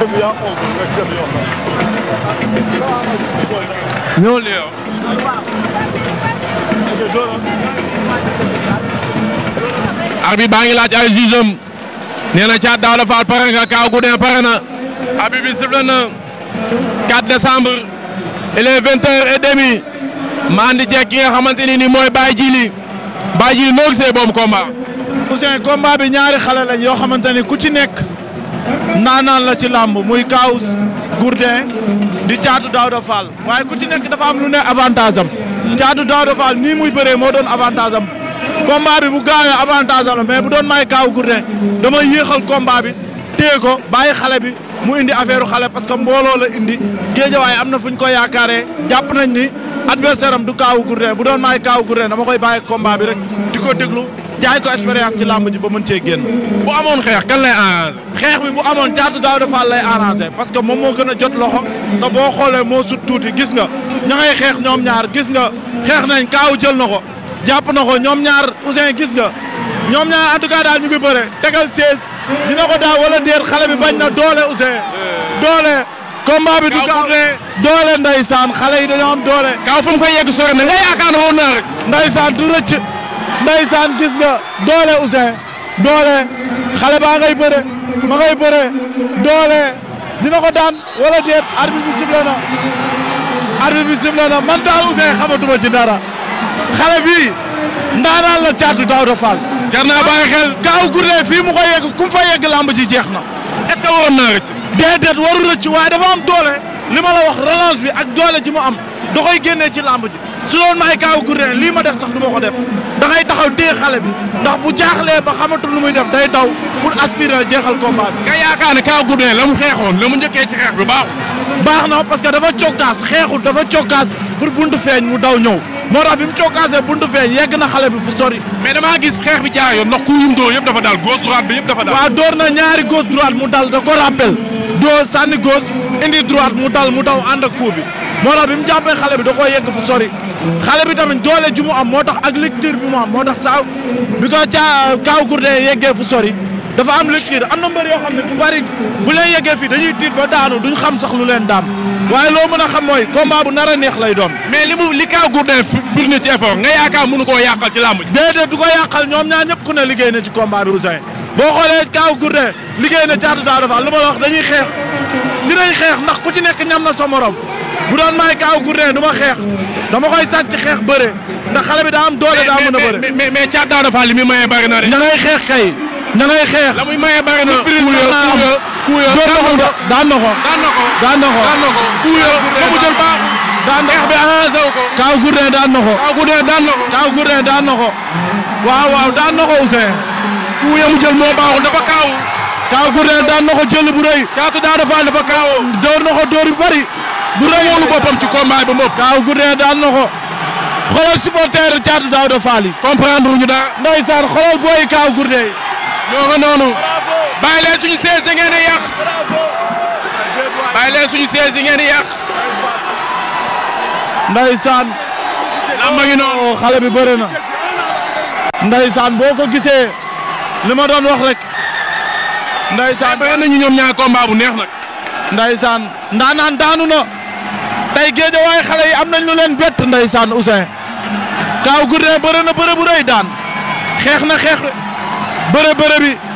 Kötü baa ngi laaj ay jugeem nee na Thiat Daouda Fall pare nga Kaw Gourdin pare na arbitre bi sifflé na 4 décembre il est demi maa andi ki nga xamante ni nii mooy Baye Djili Baye Djili noo gisee boobu combat. Ousseyn bi ñaari xale lañ yoo xamante ni ku ci nekk. naanaan la ci làmb muy kaaw Gourdin di Caatu Daouda Fall waaye ku ci nekk dafa am lu ne avantage am Caatu Daouda Fall nii muy bëree moo doon avantage am combat bi bu gaawee avantage la mais bu doon may Kaaw Gourdin damay yéexal kombaa bi téye ko bàyyi xale bi mu indi affaire xale parce que mbooloo la indi géejawaay am na fu ñu ko yaakaaree jàpp nañ ni adversaire am du Kaaw Gourdin bu doon may Kaaw Gourdin dama koy bàyyi combat bi rek di ko déglu. jaay ko expérience ci làmb ji ba mën cee génn. bu amoon xeex kan lay arrangé. xeex bi bu amoon caatu daaw dafa lay arrangé parce que moom moo gën a jot loxo te boo xoolee moo sut tuuti gis nga ña xeex ñoom ñaar gis nga xeex nañ kaaw jël na ko jàpp na ko ñoom ñaar Ousseyn gis nga ñoom ñaar en tout daal ñu ngi bëre tegal 16 dina ko daaw wala déet xale bi bañ na doole Ousseyn. doole. combat bi du gaaw doole ndeysaan xale yi dañoo doole. kaaw fu mu koy yegg sore na nga yaakaar naa rek. ndeysaan du ndeysaan gis nga doole Ouzin doole xale baa ngay bëre ma ngay bëre doole dina ko daan wala déet arbitre bi sifflé na arbitre bi sifflé na man daal Ouzin xamatuma ci dara xale bii ndaanaan la caatu Daouda Fall jar naa bàyyi xel gaaw guddee fii mu ko yegg ku mu fa yegg jeex na est-ce que waroon naa waru rëcc waaye dafa am doole li ma la wax relance bi ak doole ji mu am da koy génnee ci làmb ji su doon may kaaw gurne lii ma def sax du ma ko def da ngay taxaw téye xale bi ndax bu jaaxlee ba xamatul lu muy def day daw pour aspirer jeexal combat bi. nga yaakaar ne kaaw gurne la mu xeexoon la mu njëkkee ci xeex bi baaxul. baax na parce que dafa cokkaas xeexul dafa cokkaas pour buntu feeñ mu daw ñëw moo tax bi mu cokkaasee buntu feeñ yegg na xale bi fu sori. mais dama gis xeex bi jaar yoon ndax ku yum doo yëpp dafa daal gauche droite bi yëpp dafa dal. waaw door na ñaari gauche droite mu dal da ko rappel door sànni gauche indi droite mu dal mu daw ànd ak coup bi moo bi mu jàppee xale bi da koo yegg fu sori xale bi tamit doole ju mu am moo tax ak lecture bi mu am moo tax sa bi ko caa kaaw gurde yeggee fu sori dafa am lecture am na mbër yoo xam ne bu bari bu leen yeggee fii dañuy tiit ba daanu duñ xam sax lu leen daam waaye loo mën a xam mooy combat bu nar a neex lay doom mais li mu li kaaw gurde firnde ci effort nga yaakaar mënu koo yàqal ci làmb ji. déedéet du ko yàqal ñoom ñaar ñëpp ku ne liggéey na ci combat xoolee kaaw gurde liggéey na caatu daal dafa lu ma la wax dañuy xeex dinañ xeex ndax ku ci nekk ñam na sa bu doon may Kaaw Gourdin du ma xeex dama koy sàcc xeex bëre ndax xale bi daa am doole daa mën a bëre. mais mais mais Thiat Daouda Fall li muy maye bari na de. ña ngay xeex kay. ña ngay xeex la muy maye bari na. kuuya daan na ko daan na ko daan na ko daan na ko kuuya ba mu jël baax. daan na ko xeex bi arrangé wu ko. Kaaw Gourdin daan na ko. waaw waaw daan na ko Ousseyn. mu jël moo baaxul dafa kaaw. Kaaw Gourdin daan na ko jël bu rëy. Thiat Daouda Fall dafa kaaw. door na ko door yu du wóolu boppam ci combat ba moom. Kaaw Gourdin daan na ko. xoolal booy Kaaw Gourdin. ñoo nga noonu. bàyyi leen suñu sees ngeen di yàq. bàyyi leen suñu ngi noonu. Oh, xale bi bëri na. ndeysaan boo ko gisee. li ma doon wax rek. ndeysaan bëri nañu ñoom ñaar combat bu na. tay géejawaay xale yi am nañ lu leen bett ndeysaan Ousseyn Kaw Gourdin bëre na bëre bu rëy daan xeex na xeex bëre bëre